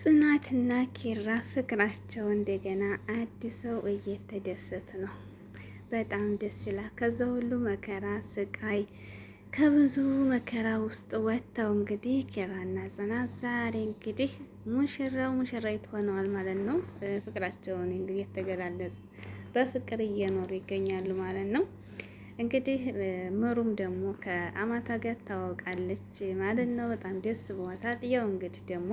ጽናትና ኪራ ፍቅራቸው እንደገና አድሰው እየተደሰት ነው። በጣም ደስ ይላል። ከዛ ሁሉ መከራ ስቃይ ከብዙ መከራ ውስጥ ወጥተው እንግዲህ ኪራና ጽናት ዛሬ እንግዲህ ሙሽራው ሙሽራይት ሆነዋል ማለት ነው። ፍቅራቸውን እንግዲህ የተገላለጹ በፍቅር እየኖሩ ይገኛሉ ማለት ነው። እንግዲህ ምሩም ደግሞ ከአማታ ጋር ታወቃለች ማለት ነው። በጣም ደስ ብሏታል። ያው እንግዲህ ደግሞ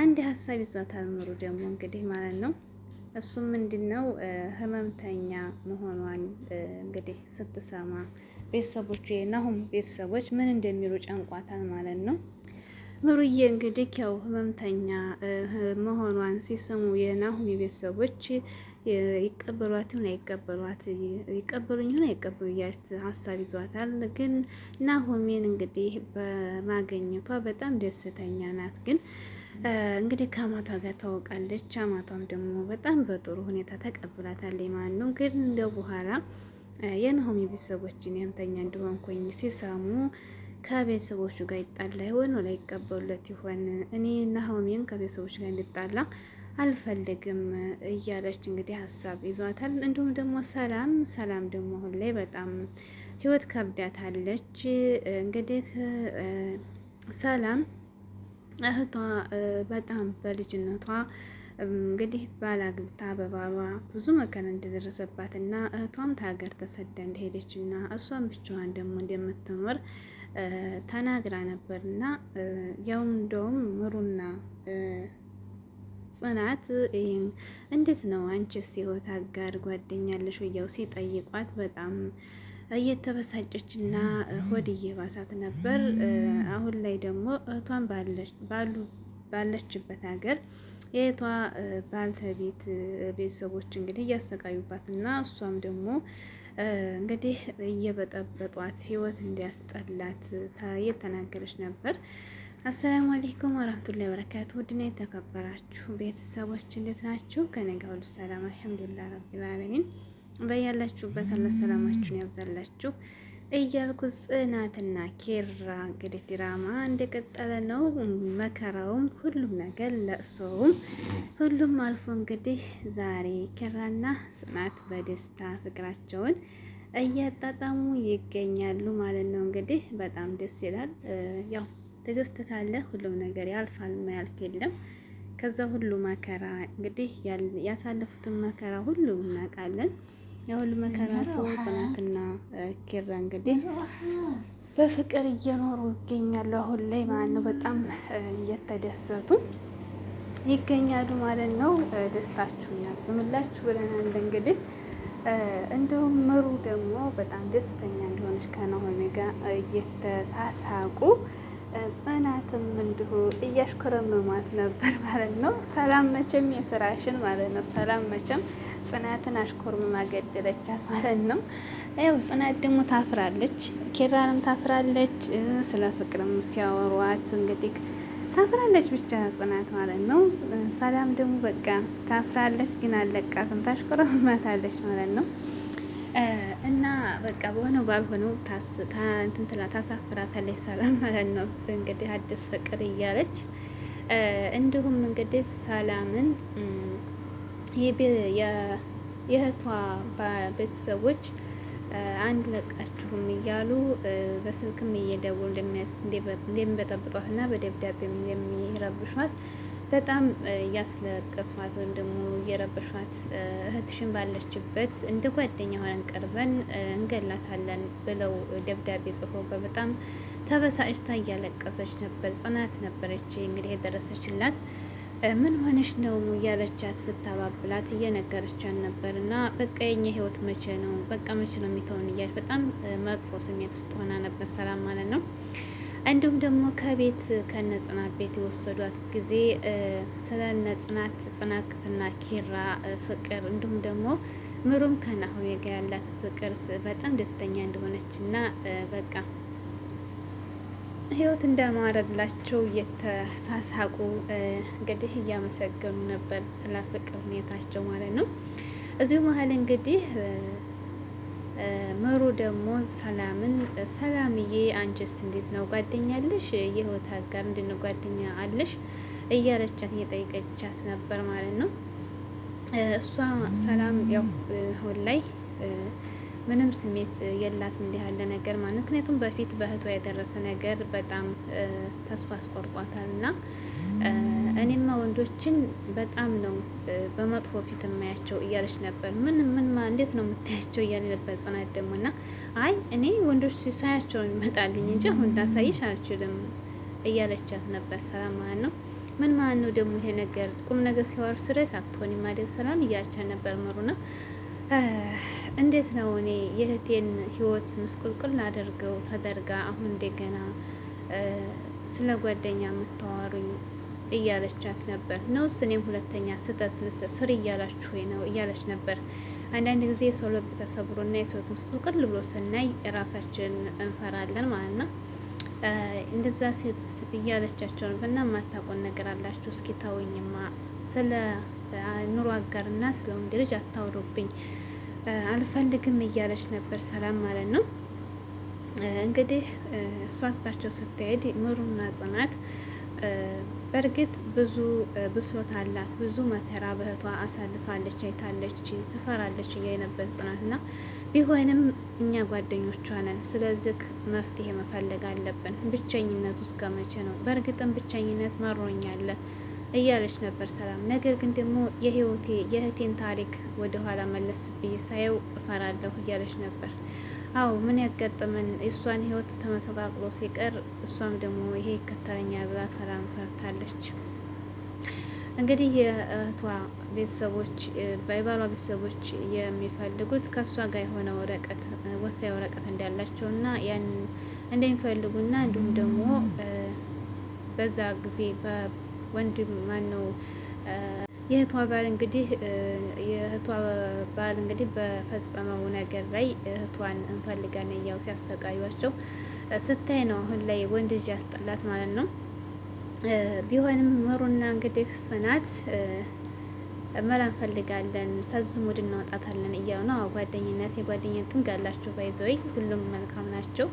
አንድ ሀሳብ ይዟታል ምሩ ደግሞ እንግዲህ ማለት ነው። እሱም ምንድን ነው ህመምተኛ መሆኗን እንግዲህ ስትሰማ ቤተሰቦች የናሁም ቤተሰቦች ምን እንደሚሉ ጨንቋታል ማለት ነው። ምሩዬ እንግዲህ ያው ህመምተኛ መሆኗን ሲሰሙ የናሁም የቤተሰቦች ይቀበሏት ይሁን አይቀበሏት፣ ይቀበሉኝ ይሁን አይቀበሉ እያት ሀሳብ ይዟታል። ግን ናሆሜን እንግዲህ በማገኘቷ በጣም ደስተኛ ናት ግን እንግዲህ ከአማቷ ጋር ታወቃለች። አማቷም ደግሞ በጣም በጥሩ ሁኔታ ተቀብላታለች ማለት ነው። ግን እንደ በኋላ የናሆሚ ቤተሰቦችን ያንተኛ እንደሆንኩኝ ሲሰሙ ከቤተሰቦቹ ጋር ይጣላ ይሆን ወላ ይቀበሉለት ይሆን? እኔ ናሆሚን ከቤተሰቦች ጋር እንድጣላ አልፈልግም እያለች እንግዲህ ሀሳብ ይዟታል። እንዲሁም ደግሞ ሰላም ሰላም ደግሞ አሁን ላይ በጣም ህይወት ከብዳታለች። እንግዲህ ሰላም እህቷ በጣም በልጅነቷ እንግዲህ ባላግብታ በባሏ ብዙ መከራ እንደደረሰባት እና እህቷም ታገር ተሰዳ እንደሄደች እና እሷም ብቻዋን ደግሞ እንደምትኖር ተናግራ ነበር እና ያው እንደውም ምሩና ጽናት ይህን እንዴት ነው አንቺስ ህይወት አጋር ጓደኛለሽ ወያው ሲጠይቋት በጣም እየተበሳጨችና ሆድ እየባሳት ነበር። አሁን ላይ ደግሞ እህቷን ባሉ ባለችበት ሀገር የእህቷ ባልተቤት ቤተሰቦች እንግዲህ እያሰቃዩባት እና እሷም ደግሞ እንግዲህ እየበጠበጧት ህይወት እንዲያስጠላት እየተናገረች ነበር። አሰላሙ አለይኩም ወራህመቱላሂ ወበረካቱ። ውድና የተከበራችሁ ቤተሰቦች እንዴት ናችሁ? ከነጋ ሁሉ ሰላም አልሐምዱሊላህ ረቢል ዓለሚን በያላችሁበት አላ ሰላማችሁን ያብዛላችሁ እያልኩ ጽናትና ኬራ እንግዲህ ድራማ እንደቀጠለ ነው። መከራውም ሁሉም ነገር ለእሶውም ሁሉም አልፎ እንግዲህ ዛሬ ኬራና ጽናት በደስታ ፍቅራቸውን እያጣጣሙ ይገኛሉ ማለት ነው። እንግዲህ በጣም ደስ ይላል። ያው ትዕግስት ካለ ሁሉም ነገር ያልፋል፣ ማያልፍ የለም። ከዛ ሁሉ መከራ እንግዲህ ያሳለፉትን መከራ ሁሉ እናውቃለን። የሁሉ መከራ አልፎ ጽናትና ኪራ እንግዲህ በፍቅር እየኖሩ ይገኛሉ። አሁን ላይ ማለት ነው በጣም እየተደሰቱ ይገኛሉ ማለት ነው። ደስታችሁ ያርዝምላችሁ ብለናል። እንግዲህ እንደውም ምሩ ደግሞ በጣም ደስተኛ እንደሆነች ከነሆሜ ጋር እየተሳሳቁ ጽናትም እንዲሁ እያሽኮረመማት ነበር ማለት ነው። ሰላም መቼም የስራሽን ማለት ነው። ሰላም መቼም ጽናትን አሽኮርምማ ገደለቻት ማለት ነው። ያው ጽናት ደግሞ ታፍራለች፣ ኬራንም ታፍራለች። ስለ ፍቅርም ሲያወሯት እንግዲህ ታፍራለች ብቻ ጽናት ማለት ነው። ሰላም ደግሞ በቃ ታፍራለች፣ ግን አለቃትም ታሽኮረመማታለች ማለት ነው። እና በቃ በሆነው ባልሆነው እንትን ትላ ታሳፍራታለች ሰላም ማለት ነው። እንግዲህ አዲስ ፍቅር እያለች እንዲሁም እንግዲህ ሰላምን የእህቷ ቤተሰቦች አንድ ለቃችሁም እያሉ በስልክም እየደወሉ እንደሚያስ እንደሚበጠብጧትና በደብዳቤም የሚረብሿት በጣም እያስለቀስኋት ወይም ደግሞ እየረበሿት እህትሽን ባለችበት እንደ ጓደኛ ሆነን ቀርበን እንገላታለን ብለው ደብዳቤ ጽፎ በጣም ተበሳጭታ እያለቀሰች ነበር። ጽናት ነበረች እንግዲህ የደረሰችላት። ምን ሆነሽ ነው እያለቻት ስታባብላት እየነገረቻን ነበር። እና በቃ የኛ ህይወት መቼ ነው በቃ መቼ ነው የሚተውን እያለች በጣም መጥፎ ስሜት ውስጥ ሆና ነበር። ሰላም ማለት ነው እንዲሁም ደግሞ ከቤት ከነ ጽናት ቤት የወሰዷት ጊዜ ስለነ ጽናት ጽናትና ኪራ ፍቅር እንዲሁም ደግሞ ምሩም ከናሁሜ ጋር ያላት ፍቅር በጣም ደስተኛ እንደሆነች እና በቃ ህይወት እንደማረላቸው እየተሳሳቁ እንግዲህ እያመሰገኑ ነበር ስለ ፍቅር ሁኔታቸው ማለት ነው። እዚሁ መሀል እንግዲህ ምሩ ደግሞ ሰላምን ሰላምዬ፣ አንቺስ እንዴት ነው ጓደኛለሽ? አለሽ? የህይወት አጋር እንድን ጓደኛ አለሽ እያለቻት እየጠየቀቻት ነበር ማለት ነው። እሷ ሰላም ያው አሁን ላይ ምንም ስሜት የላት እንዲህ ያለ ነገር ማለት ምክንያቱም በፊት በእህቷ የደረሰ ነገር በጣም ተስፋ አስቆርጧታል። እና እኔማ ወንዶችን በጣም ነው በመጥፎ ፊት የማያቸው እያለች ነበር። ምን ምን እንዴት ነው የምታያቸው እያለ ነበር ጽናት ደግሞ እና አይ እኔ ወንዶች ሳያቸው ይመጣልኝ እንጂ አሁን እንዳሳይሽ አልችልም እያለቻት ነበር። ሰላም ማለት ነው ምን ማለት ነው ደግሞ ይሄ ነገር ቁም ነገር ሲዋሩ ስሬ ሳትሆን ማደግ ሰላም እያለቻት ነበር መሩና እንዴት ነው እኔ የእህቴን ህይወት ምስቁልቁል አደርገው ተደርጋ አሁን እንደገና ስለ ጓደኛ የምታዋሩኝ እያለቻት ነበር። ነውስ እኔም ሁለተኛ ስህተት ልስር ስር እያላችሁ ነው እያለች ነበር። አንዳንድ ጊዜ የሰው ልብ ተሰብሮና የሰው ምስቁልቁል ብሎ ስናይ ራሳችን እንፈራለን ማለት ነው። እንደዛ ሴት እያለቻቸው ነው። እና ማታቆን ነገር አላችሁ። እስኪ ታወኝማ ስለ ኑሮ አጋርና ስለ ወንድ ልጅ አታውሩብኝ አልፈልግም እያለች ነበር ሰላም ማለት ነው። እንግዲህ እሷታቸው ስትሄድ ምሩና ጽናት በእርግጥ ብዙ ብስሎት አላት። ብዙ መከራ በእህቷ አሳልፋለች፣ አይታለች፣ ትፈራለች እያ የነበር ጽናት ና ቢሆንም እኛ ጓደኞቿ ነን። ስለዚህ መፍትሄ መፈለግ አለብን። ብቸኝነት ውስጥ ከመቼ ነው? በእርግጥም ብቸኝነት መሮኛለ እያለች ነበር ሰላም። ነገር ግን ደግሞ የህይወቴ የእህቴን ታሪክ ወደኋላ መለስ ብዬ ሳየው እፈራለሁ እያለች ነበር አዎ ምን ያጋጠመን የእሷን ህይወት ተመሰቃቅሎ ሲቀር እሷም ደግሞ ይሄ ይከተለኛል ብላ ሰላም ፈርታለች። እንግዲህ የእህቷ ቤተሰቦች በባሏ ቤተሰቦች የሚፈልጉት ከእሷ ጋር የሆነ ወረቀት ወሳኝ ወረቀት እንዳላቸውና ያን እንደሚፈልጉና እንዲሁም ደግሞ በዛ ጊዜ በወንድም ማነው የእህቷ ባል እንግዲህ የእህቷ ባል እንግዲህ በፈጸመው ነገር ላይ እህቷን እንፈልጋን እያው ሲያሰቃዩቸው ስታይ ነው አሁን ላይ ወንድ ልጅ ያስጠላት ማለት ነው። ቢሆንም ምሩና እንግዲህ ጽናት መላ እንፈልጋለን ተዝሙ ድን እናወጣታለን እያሉ ነው። ጓደኝነት የጓደኝነት ጋላችሁ ባይዘወይ ሁሉም መልካም ናቸው።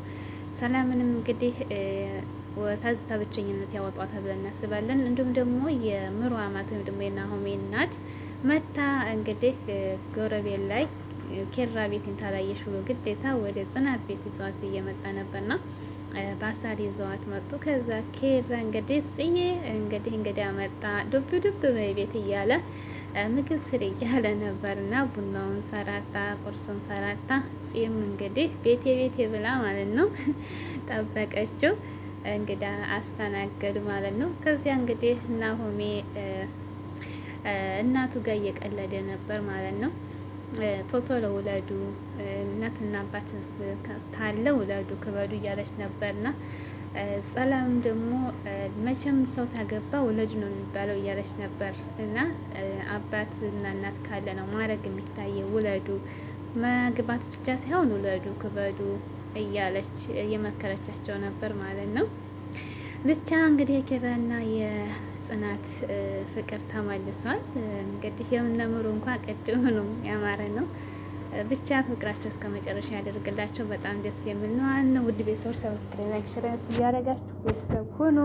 ሰላምንም እንግዲህ ታዝ ብቸኝነት ያወጧታ ብለን እናስባለን። እንዲሁም ደግሞ የምሩ አማት ወይም ደግሞ የናሆሜ እናት መታ እንግዲህ ጎረቤት ላይ ኬራ ቤትን ታላየሽ ብሎ ግዴታ ወደ ጽናት ቤት ይዘዋት እየመጣ ነበርና በአሳር ይዘዋት መጡ። ከዛ ኬራ እንግዲህ ጽዬ እንግዲህ እንግዲህ መጣ ዱብ ዱብ በቤት እያለ ምግብ ስር እያለ ነበር እና ቡናውን ሰራታ፣ ቁርሱን ሰራታ። ጺም እንግዲህ ቤቴ ቤቴ ብላ ማለት ነው ጠበቀችው። እንግዳ አስተናገዱ ማለት ነው። ከዚያ እንግዲህ ናሆሜ እናቱ ጋር እየቀለደ ነበር ማለት ነው። ቶቶ ለውለዱ እናትና አባት ታለ ውለዱ ክበዱ እያለች ነበርና ጸላም ደግሞ መቼም ሰው ታገባ ወለድ ነው የሚባለው እያለች ነበር። እና አባት እና እናት ካለ ነው ማድረግ የሚታየ ውለዱ፣ መግባት ብቻ ሳይሆን ውለዱ፣ ክበዱ እያለች እየመከረቻቸው ነበር ማለት ነው። ብቻ እንግዲህ የኪራና የጽናት ፍቅር ተመልሷል። እንግዲህ የምነምሩ እንኳ ቅድም ነው ያማረ ነው። ብቻ ፍቅራቸው እስከ መጨረሻ ያደርግላቸው። በጣም ደስ የሚል ነው። ውድ ቤተሰቦች ሰብስክራይብ፣ ላይክ፣ ሸር እያደረጋችሁ ቤተሰብ ሁኑ።